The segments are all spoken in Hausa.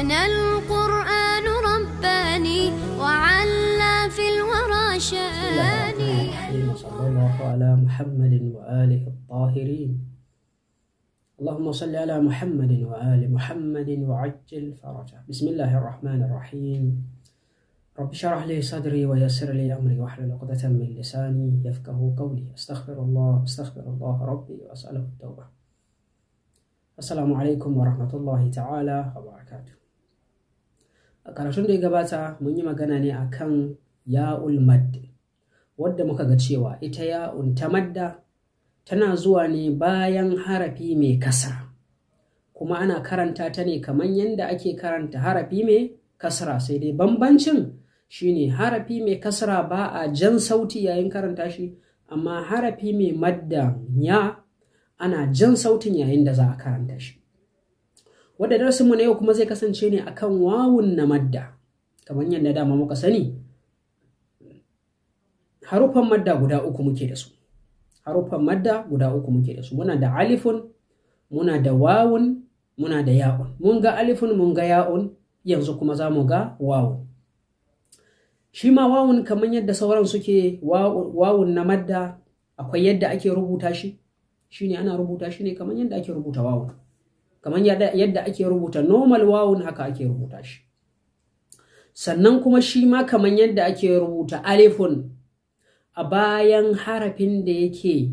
كان القرآن رباني وعلى في الورى شاني صلى الله على محمد وآله الطاهرين اللهم صل على محمد وآل محمد وعجل فرجه بسم الله الرحمن الرحيم رب اشرح لي صدري ويسر لي أمري واحلل عقدة من لساني يفقه قولي استغفر الله استغفر الله ربي وأسأله التوبة السلام عليكم ورحمة الله تعالى وبركاته a karatun da ya gabata mun yi magana ne akan ya'ul madda wadda muka ga cewa ita ya'un ta madda tana zuwa ne bayan harafi mai kasra kuma ana karanta ta ne kamar yadda ake karanta harafi mai kasra sai dai bambancin shine harafi mai kasra ba a jan sauti yayin karanta shi amma harafi mai madda ya ana jan sautin yayin da za a karanta shi wadda darsinmu na yau kuma zai kasance ne kan wawun na madda kamar yadda dama muka sani harufan madda guda uku muke da su harufan madda guda uku muke da su muna da alifun muna da wawun muna da ya'un mun ga alifun mun ga ya'un yanzu kuma za mu ga wawun shi ma wawun kamar yadda sauran suke wawun na madda akwai yadda ake rubuta shi shine ana rubuta shi ne kamar yadda ake rubuta wawun kamar yadda ake rubuta normal wawun haka ake rubuta shi sannan kuma shi ma kamar yadda ake rubuta alifun a bayan harafin da yake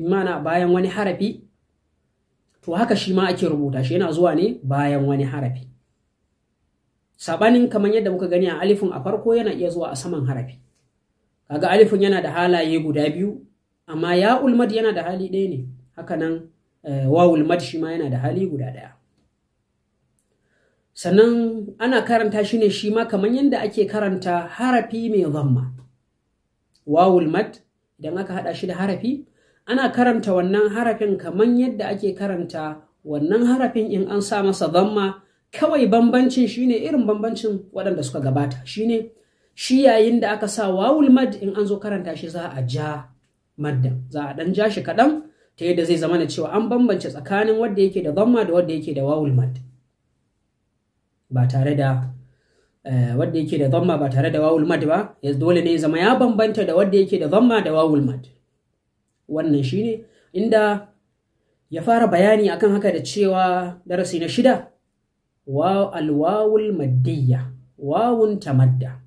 mana bayan wani harafi to haka shi ma ake rubuta shi yana zuwa ne bayan wani harafi sabanin kamar yadda muka gani a alifun a farko yana iya zuwa a saman harafi kaga alifun yana da halaye guda biyu amma ya ulmad yana da hali ɗaya ne haka nan Eh, wawul mad shi ma yana da hali guda ɗaya sannan ana karanta shi ne shi ma kamar yadda ake karanta harafi mai zamma wawul mad idan aka haɗa shi da harafi ana karanta wannan harafin kamar yadda ake karanta wannan harafin in an sa masa zamma kawai bambancin shine irin bambancin waɗanda suka gabata shine shi yayin da aka sa wawul mad in an zo karanta shi za a ja madda za a ɗan ja shi kaɗan ta yadda zai zama na cewa an bambance tsakanin wadda yake da zamma da wadda yake da wawul mad ba tare da eh, wadda yake da zamma ba tare da wawul mad ba ya dole ne zama ya bambanta da wadda yake da zamma da wawul mad wannan shine inda ya fara bayani akan haka da cewa darasi na shida wa alwawul wawun tamadda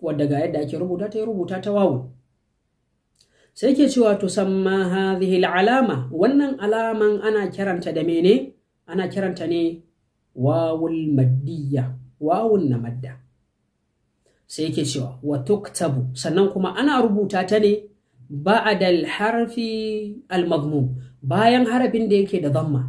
wadda ga yadda ake rubuta ta rubuta ta wawul sai ke cewa to samma hadhihi alama wannan alaman ana kiranta da mene ana kiranta ne wawul maddiya wawun na madda sai ke cewa wa tuktabu sannan kuma ana rubuta ta ne ba'da harfi almagmum bayan harafin da yake da dhamma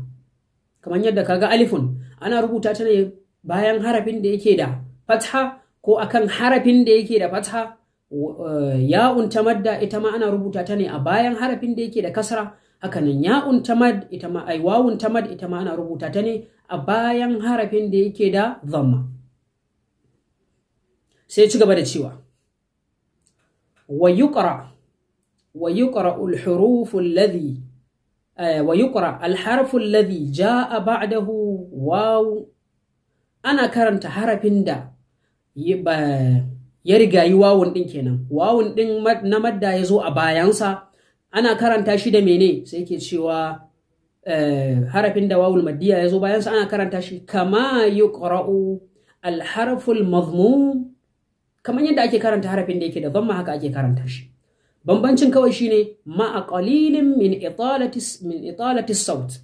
kamar yadda kaga alifun ana rubuta ta ne bayan harafin da yake da fatha ko akan harafin da yake da fatha Eh, ya'un da ita ma ana rubuta ta ne a bayan harafin da yake da kasra hakanan ya'un tamad ita ma ai wawun tamad ita ma ana rubuta ta ne a bayan harafin da yake da dhamma sai ci gaba da cewa wa yuqra wa yuqra al huruf alladhi eh, wa yuqra al harf alladhi jaa ba'dahu waw ana karanta harafin da ya riga yi wawun ɗin kenan wawun ɗin na madda ya zo a bayansa ana karanta shi da mene sai ke cewa eh, harafin da wawul maddiya ya zo bayansa ana karanta shi kama yi ƙara'u alharful mazmum kamar yadda ake karanta harafin da yake da zama haka ake karanta shi bambancin kawai shine ma a qalilin min italatis saut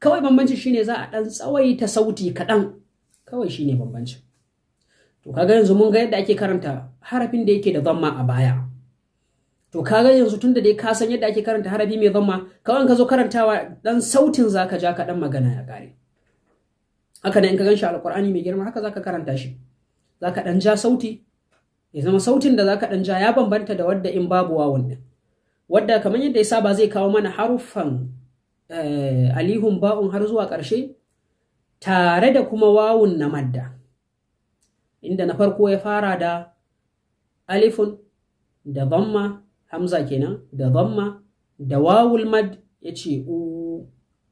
kawai bambancin shine za a ɗan tsawaita sauti kaɗan kawai shine bambancin to kaga yanzu mun ga yadda ake karanta harafin da yake da zamma a baya to kaga yanzu tunda dai ka san yadda ake karanta harafi mai zamma kawai ka zo karantawa dan sautin zaka ja ka dan magana ya kare haka ne in ka ganshi alqur'ani mai girma haka zaka karanta shi zaka dan ja sauti ya zama sautin da zaka dan ja ya bambanta da wadda in babu wawun din wadda kamar yadda ya ba zai kawo mana haruffan eh, alihun ba'un har zuwa ƙarshe tare da kuma wawun na madda inda na farko ya fara da alifun da dhamma hamza kenan da dhamma da wawul mad ya ce u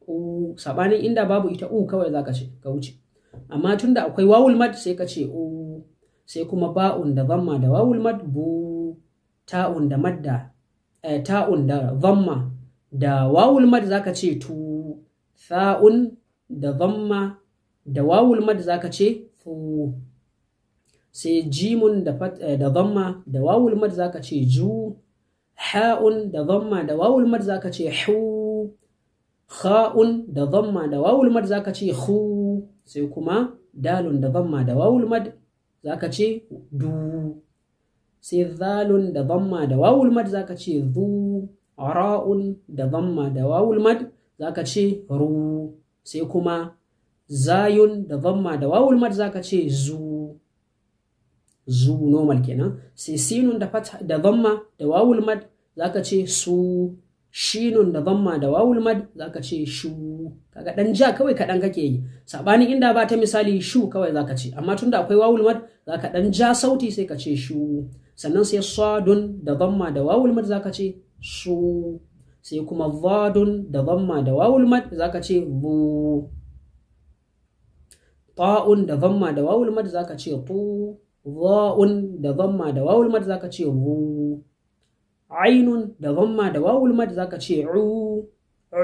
u sabanin inda babu ita u kawai za ka ce ka wuce amma tunda akwai wawul mad sai ka ce u sai kuma ba'un da dhamma da wawul mad bu ta'un da madda eh, ta'un da dhamma da wawul mad zaka ce tu sa'un da dhamma da wawul mad zaka ce fu sai jimun da zamma eh, da wawul mad zaka ce ju ha'un da zamma da wawul mad zaka ce hu kha'un da zamma da wawul mad zaka ce hu sai kuma dalun da zamma da wawul mad zaka ce du sai zalun da zamma da wawul mad zaka ce zu ra'un da zamma da wawul mad zaka ce ru sai kuma zayun da zamma da wawul mad zaka ce zu zu normal kenan sai sinun da fata da zamma da wawul mad zaka ce su shinun da zamma da wawul mad zaka ce shu kaga dan ja kawai kadan kake yi sabanin inda ba ta misali shu kawai zaka ce amma tunda akwai wawul mad zaka dan ja sauti sai ka ce shu sannan sai sadun da zamma da wawul mad zaka ce su sai kuma vadun da zamma da wawul mad zaka ce bu ta'un da zamma da wawul mad zaka ce tu wa'un da zamma da wawul mad zaka ce wu ainun da zamma da wawul mad zaka ce ru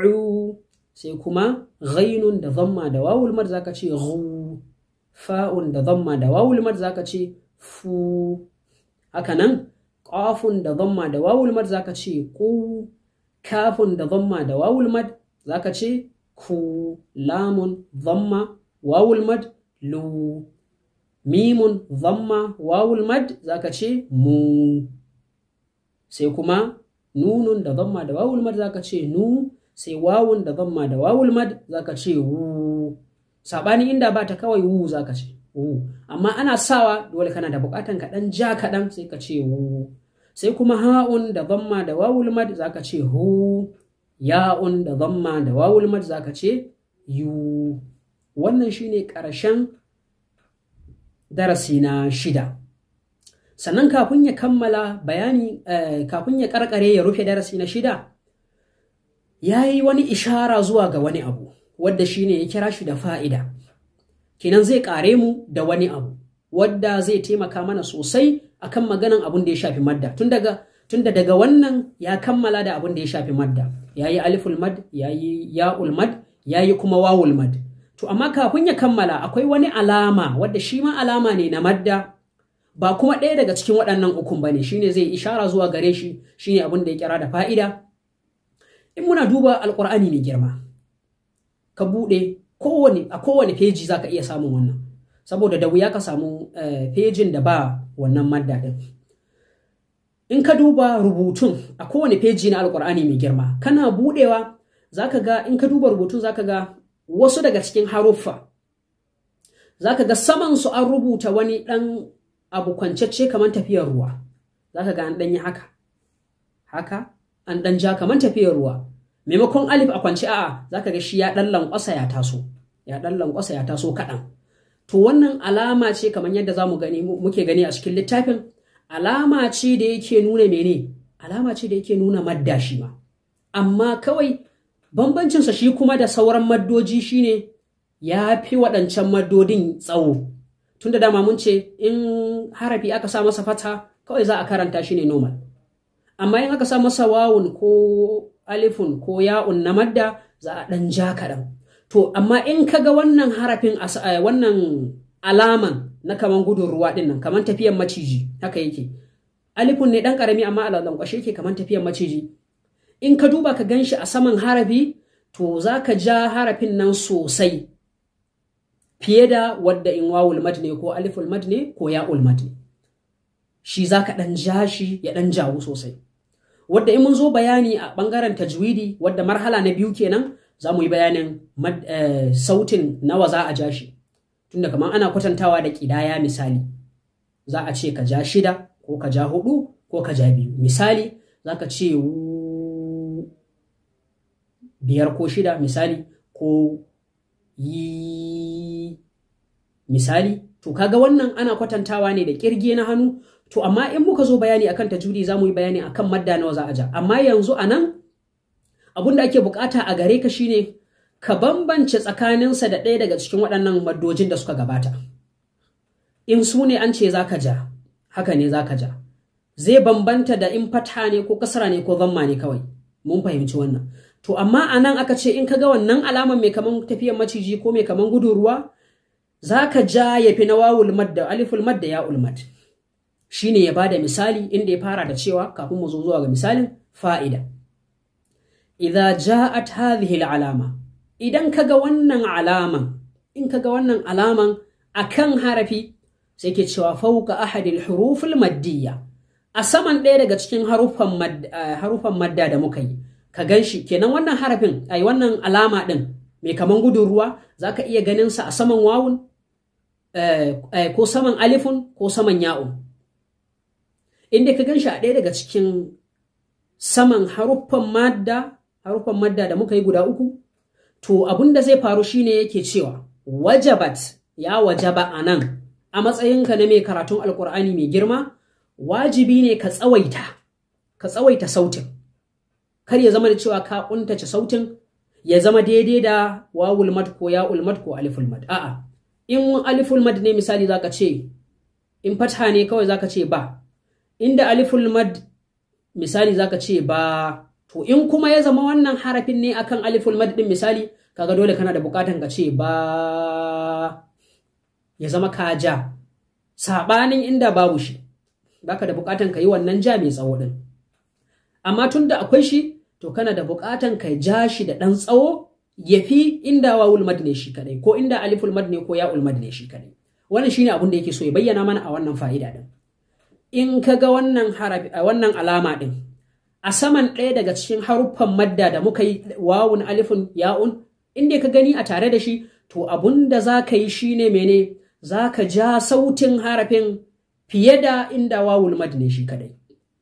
u sai kuma ghainun da zamma da wawul mad zaka ce ghu fa'un da zamma da wawul mad zaka ce fu haka nan qafun da zamma da wawul mad zaka ce ku kafun da zamma da wawul mad zaka ce ku lamun zamma wawul mad lu mimun zamma wawul mad zaka ce mu sai kuma nunun da zamma da wawul mad zaka ce nu sai wawun da zamma da wawul mad zaka ce wu sabani inda ba ta kawai wu zaka ce wu amma ana sawa dole kana da bukatan ka dan ja kaɗan sai ka ce wu sai kuma ha'un da zamma da wawul mad zaka ce hu ya'un da zamma da wawul mad zaka ce yu wannan shine ƙarshen darasi na shida sannan kafin ya kammala bayani eh, kafin ya karkare ya rufe darasi na shida ya yi wani ishara zuwa ga wani abu wadda shine ya kira shi da fa'ida Kinan zai kare mu da wani abu wadda zai taimaka mana sosai akan maganan abin da ya shafi madda tun daga tunda daga wannan ya kammala da abin da ya shafi madda ya yi alifulmad, ya yi ya'ulmad, ya yi kuma wawulmad to amma kafin ya kammala akwai wani alama wadda shi ma alama ne na madda ba kuma ɗaya daga cikin waɗannan ukun ba ne shine zai ishara zuwa gare shi shine abin da ya kira da fa'ida in muna duba alƙur'ani mai girma ka buɗe a kowane feji za ka iya samun wannan saboda da wuya ka samu eh, fejin da ba wannan madda ɗin in ka duba rubutun a kowane feji na alƙur'ani mai girma kana buɗewa za ka ga in ka duba rubutun za ka ga wasu daga cikin haruffa zaka ga saman su an rubuta wani dan abu kwancacce kamar tafiyar ruwa zaka ga an dan yi haka haka an dan ja kamar tafiyar ruwa maimakon alif a kwanci a'a zaka ga shi ya dan lankwasa ya taso ya dan lankwasa ya taso kaɗan to wannan alama ce kamar yadda zamu gani muke gani a cikin littafin alama ce da yake nuna mene alama ce da yake nuna madda shi ma amma kawai bambancinsa shi kuma da sauran maddoji shine ya fi waɗancan madodin tsawo tun da dama mun ce in harafi aka sa masa fata kawai za a karanta shi ne normal amma in aka sa masa wawun ko alifun ko ya'un na madda za a ɗan ja kaɗan to amma in ka ga wannan harafin eh, wannan alaman na kaman gudun ruwa ɗin nan kaman tafiyan maciji haka yake alifun ne ɗan ƙarami amma alalan kwashe yake kaman tafiyan maciji in ka duba ka ganshi a saman harafi to za ka ja harafin nan sosai fiye da wadda in wawul ne ko aliful ne ko ya ne. shi za ka ɗan ja shi ya ɗan jawo sosai wadda in mun zo bayani a ɓangaren tajwidi wadda marhala na biyu kenan za mu yi bayanin eh, sautin nawa za a ja shi tunda kamar ana kwatantawa da kidaya misali za a ce ka ja shida ko ka ja hudu ko ka ja biyu misali za ka ce biyar ko shida misali ko yi misali to kaga wannan ana kwatantawa ne da kirge na hannu to amma in muka zo bayani akan tajwidi za mu yi bayani akan madda nawa za a ja amma yanzu a nan abin da ake bukata a gare ka shine ka bambance tsakaninsa da ɗaya daga cikin waɗannan maddojin da suka gabata in su ne an ce za ka ja haka ne za ka ja zai bambanta da in fata ne ko kasara ne ko zamma ne kawai mun fahimci wannan to amma a nan aka ce in ka ga wannan alamar mai kaman tafiyar maciji ko mai kaman gudun ruwa za ka ja ya fi na wawul da aliful da ya ulmad shine ya ba da misali inda ya fara da cewa kafin mu zo zuwa ga misalin fa'ida idza ja'at hadhihi alama idan ka ga wannan alaman in ka wannan alaman akan harafi sai ke cewa fauka ahadil huruful maddiya a saman ɗaya daga cikin harufan eh, madda da muka yi ka gan shi kenan wannan harafin ai wannan alama ɗin mai kaman gudun ruwa za ka iya ganin sa a saman wawun eh, eh, ko saman alifun ko saman ya'un inda ka gan shi a ɗaya daga cikin saman haruffan madda haruffan madda da muka yi guda uku to abun da zai faru shine yake cewa wajabat ya wajaba a nan a matsayinka na mai karatun alkur'ani mai girma wajibi ne ka tsawaita ka tsawaita sautin kar ya zama da cewa ka kuntace sautin ya zama daidai da wawul mad ko ya'ul mad ko aliful mad a'a in aliful mad ne misali zaka ce in fatha ne kawai zaka ce ba inda aliful mad misali zaka ce ba to in kuma ya zama wannan harafin ne akan aliful mad din misali kaga dole kana da bukatan ka ce ba ya zama ka ja sabanin inda babu shi baka da bukatan ka yi wannan ja mai tsawo din amma tunda akwai shi to kana da buƙatan ka ja shi da ɗan tsawo ya fi inda wawul mad ne shi kadai ko inda aliful mad ne ko ya'ul mad shi kadai wannan shine abin da yake so ya bayyana mana a wannan fa'ida din in ka ga wannan harafi wannan alama din a saman ɗaya daga cikin haruffan madda da muka yi wawun alifun ya'un inda ka gani a tare da shi to abun da za ka yi shine mene za ka ja sautin harafin fiye da inda wawul madne shi kadai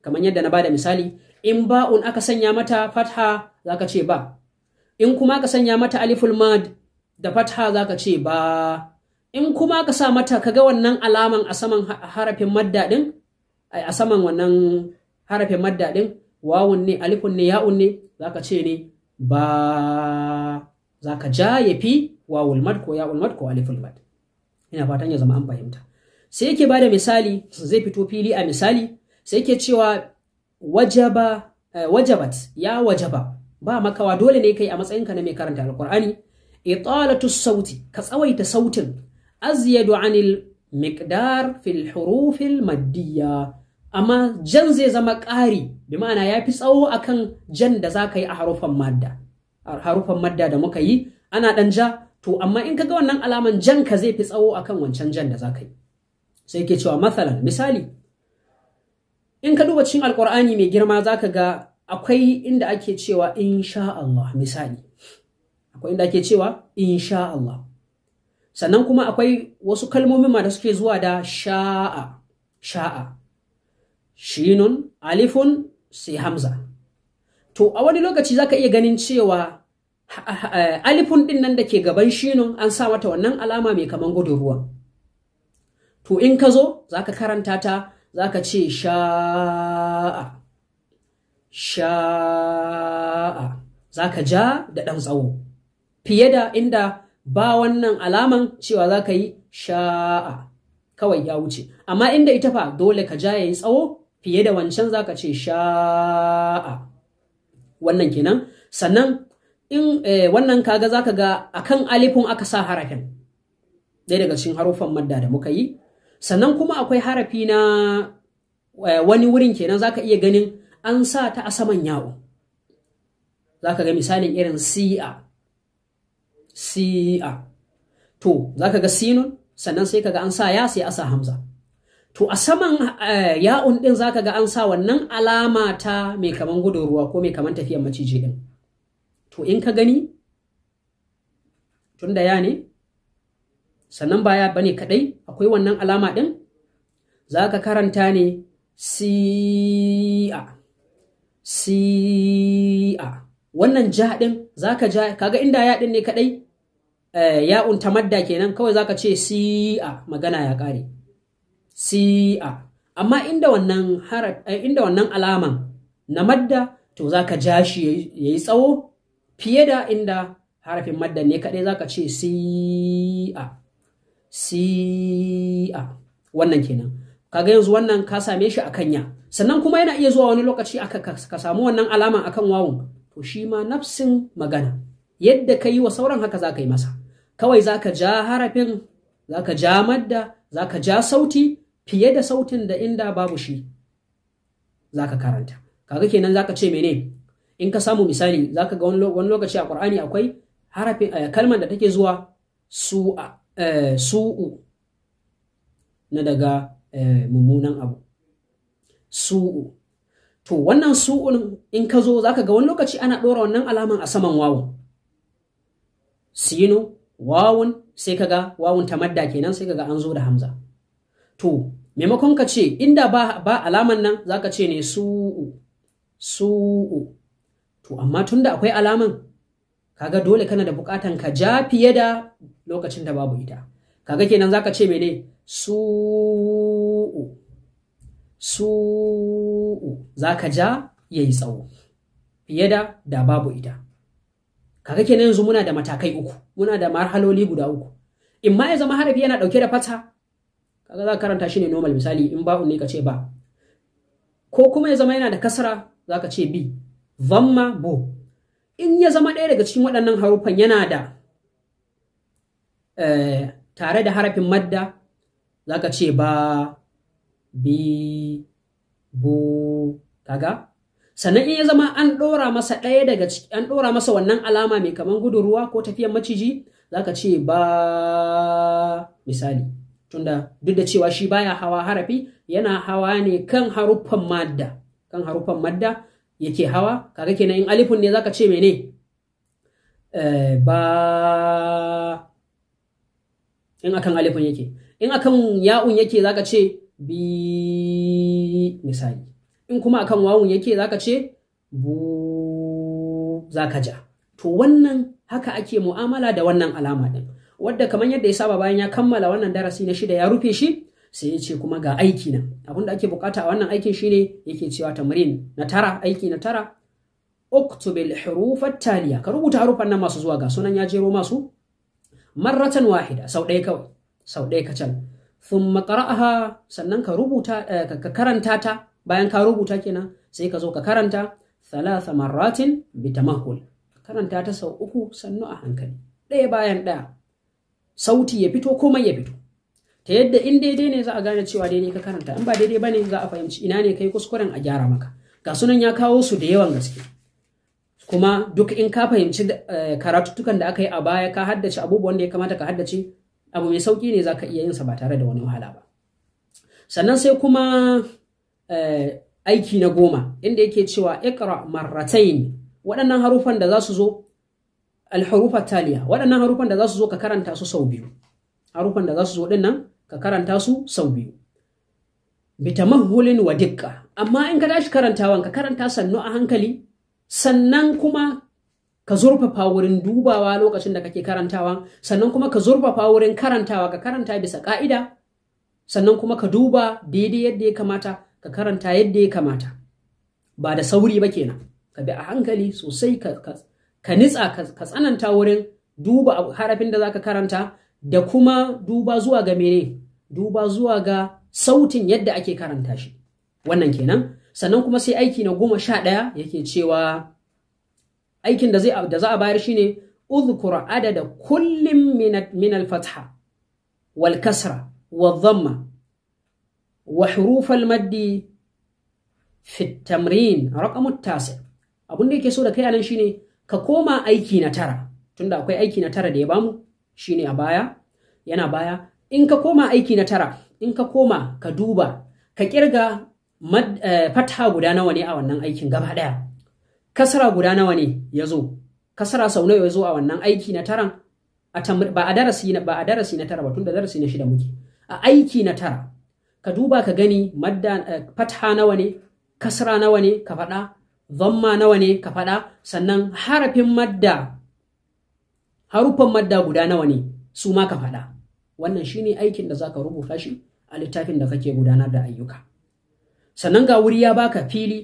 kamar yadda na bada misali in ba'un aka sanya mata fatha za ka ce ba in kuma ka sanya mata aliful mad da fatha za ka ce ba in kuma ka sa mata kaga wannan alaman a saman harafin maddaɗin, a saman wannan harafin maddaɗin, din wawun ne alifun ne ya'un ne ka ce ne ba ka ja fi wawul mad ko ya'ul mad ko aliful mad ina fatan ya zama an fahimta sai yake da misali zai fito fili a misali sai yake cewa wajaba eh, wajabat ya wajaba ba makawa dole ne kai a matsayinka na mai karanta alqur'ani italatu sauti ka tsawaita sautin azyadu anil miqdar fil hurufil maddiya amma jan zai zama ƙari bi ma'ana fi tsawo akan jan da zaka yi a harufan madda harufan madda da muka yi ana dan ja to amma in ka ga wannan alaman jan ka zai fi tsawo akan wancan jan da zaka yi sai ke cewa mathalan misali in ka duba cikin alkur'ani mai girma zaka ga akwai inda ake cewa insha Allah misali akwai inda ake cewa insha Allah sannan kuma akwai wasu kalmomin ma da suke zuwa da sha'a sha'a shinun alifun sai hamza to a wani lokaci zaka iya ganin cewa alifun din nan da ke gaban shinun an sa mata wannan alama mai kaman gudun ruwa to in ka zo za ka karanta ta za ka ce sha'a sha'a za ka ja da ɗan tsawo fiye da inda ba wannan alaman cewa za ka yi sha'a kawai ya wuce amma inda ita fa dole ka ja yayi tsawo fiye da wancan zaka ce sha'a wannan kenan sannan in eh, wannan kaga zaka ga akan alifin aka sa harafin ɗaya daga cikin harufan madda da muka yi sannan kuma akwai harafi na eh, wani wurin kenan zaka iya ganin an sa ta a saman yawo zaka ga misalin irin si'a si'a to zaka ga sinun sannan sai kaga an sa ya sai a hamza to a saman eh, ya'un din zaka ga an sa wannan alama ta mai kaman gudun ruwa ko mai kaman tafiyar maciji din to in ka gani tunda ya ne sannan baya bane kadai akwai wannan alama din za ka karanta ne si'a si'a wannan ja din za ka ja kaga inda ya din ne kadai eh, ya'un tamadda kenan kawai za ka ce si'a magana ya kare si'a amma inda wannan eh, inda wannan alaman na madda to za ka ja shi ya yi tsawo fiye da inda harafin madda ne kadai za ka ce si'a si'a wannan kenan kaga yanzu wannan ka same shi akan ya sannan kuma yana iya zuwa wani lokaci aka ka samu wannan alama akan wawun to shi ma nafsin magana yadda ka yi wa sauran haka za ka yi masa kawai za ka ja harafin za ka ja madda za ka ja sauti fiye da sautin da inda babu shi za ka karanta kaga kenan za ka ce mene in ka samu misali za ka ga wani lokaci a ƙur'ani akwai harafin eh, kalmar da take zuwa su'a Eh, su'u na daga eh, mummunan abu su'u to wannan su'un in ka zo za ka ga wani lokaci ana ɗora wannan alaman a saman wawun sino wawun sai ga wawun tamadda kenan sai kaga an zo da hamza to maimakon ka ce inda ba, ba alaman nan za ka ce ne su'u su'u to amma tunda akwai alaman kaga dole kana da bukatan ka ja fiye da lokacin da babu ita kaga kenan zaka ce mene su -u. zaka ja yayi tsawo fiye da da babu ita kaga kenan yanzu muna da matakai uku muna da marhaloli guda uku in ma ya zama harafi yana dauke da fata kaga za ka karanta shi ne normal misali in ba ne ka ce ba ko kuma ya zama yana da kasara, za ce bi vamma bo in ya zama ɗaya daga cikin waɗannan haruffan yana da eh, tare da harafin madda za ka ce ba bi bu kaga sannan in ya zama an ɗora masa ɗaya daga an ɗora masa wannan alama mai kaman gudun ruwa ko tafiyan maciji za ka ce ba misali tunda duk da cewa shi baya hawa harafi yana hawa ne kan haruffan madda kan haruffan madda yake hawa kaga kenan in alifun ne zaka ce mene eh, ba in akan alifun yake in akan ya'un yake zaka ce bi misali in kuma akan wawun yake zaka ce bu zaka ja to wannan haka ake mu'amala da wannan alama din wadda kamar yadda ya saba bayan ya kammala wannan darasi na shida ya rufe shi sai ya ce kuma ga aiki na abin da ake bukata a wannan aikin shine yake cewa tamrin na tara aiki na tara uktubil hurufat taliya ka rubuta harufan nan masu zuwa ga sunan ya jero masu marratan wahida sau ɗaya kawai sau ɗaya kacal thumma qara'aha sannan ka rubuta eh, ka karanta ta bayan ka rubuta kenan sai ka zo ka karanta thalatha marratin bitamahul karanta ta sau uku sannu a hankali ɗaya bayan ɗaya sauti ya fito komai ya fito ta yadda in daidai ne za a gane cewa daidai ka karanta in ba daidai bane za a fahimci ina ne kai kuskuren a gyara maka ga sunan ya kawo su da yawan gaske kuma duk in ka fahimci eh, karatuttukan da aka yi a baya ka haddace abubuwan da ya kamata ka haddace abu mai sauki ne za ka iya yin sa ba tare da wani wahala ba sannan sai kuma eh, aiki na goma inda yake cewa ikra marratain waɗannan harufan da za su zo alharufa taliya waɗannan harufan da za su zo ka karanta su sau biyu harufan da za su zo ɗin ka karanta su sau biyu mahulin wa dikka amma in ka tashi karantawan ka karanta sannu a hankali sannan kuma ka zurfafa wurin dubawa lokacin da kake karantawa sannan kuma ka zurfafa wurin karantawa ka karanta bisa ka'ida sannan kuma ka duba daidai yadda ya kamata ka karanta yadda ya kamata ba da sauri ba kenan ka bi a hankali sosai ka nitsa ka tsananta wurin duba harafin da ka karanta da kuma duba zuwa ga mene duba zuwa ga sautin yadda ake karanta shi wannan kenan sannan kuma sai aiki na goma sha ɗaya yake cewa aikin da za a bayar shine udhkur adada kullum min al-fatha wal kasra wal dhamma wa huruf al-maddi fi tamrin raqam at abin da yake so da kai anan shine ka koma aiki na tara tunda akwai aiki na tara da ya bamu shine a baya yana baya in ka koma aiki na tara in ka koma ka duba ka kirga eh, fatha guda nawa ne a wannan aikin gaba daya kasara guda nawa ne ya zo kasara sau nawa ya zo a wannan aiki na taran ba a darasi na ba a darasi na tara ba tunda darasi na shida muke a aiki na tara ka duba ka gani madda eh, fatha nawa ne Kasara nawa ne ka faɗa zamma nawa ne ka faɗa sannan harafin madda haruffan madda guda nawa ne su ma ka faɗa wannan shine aikin da za ka rubuta shi a littafin da kake gudanar da ayyuka sannan ga wuri ya baka fili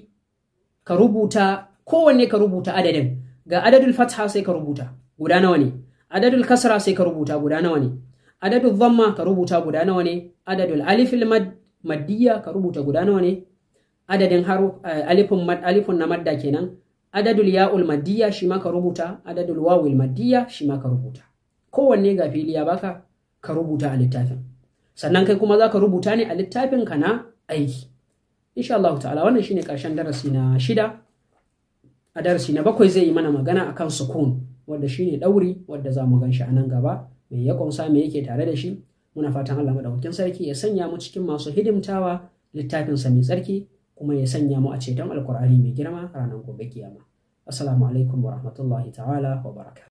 ka rubuta kowanne ka rubuta adadin ga adadul fatha sai ka rubuta guda nawa ne adadul kasra sai ka rubuta guda nawa ne adadul dhamma ka rubuta guda nawa ne adadul alif mad maddiya ka rubuta guda nawa ne adadin eh, alifin alifun na madda kenan adadul ya'ul maddiya shi ma ka rubuta adadul wawul maddiya shi ma ka rubuta kowanne ga fili ya baka ka rubuta a littafin sannan kai kuma za ka rubuta ne a littafin ka na aiki insha Allah ta'ala wannan shine karshen darasi na shida a darasi na bakwai zai yi mana magana akan sukun wanda shine dauri wanda za mu gan a nan gaba me ya kunsa me yake tare da shi muna fatan Allah madaukakin sarki ya sanya mu cikin masu hidimtawa littafin sa mai tsarki kuma ya sanya mu a ceton alkur'ani mai girma ranar gobe kiyama asalamu alaikum wa rahmatullahi ta'ala wa baraka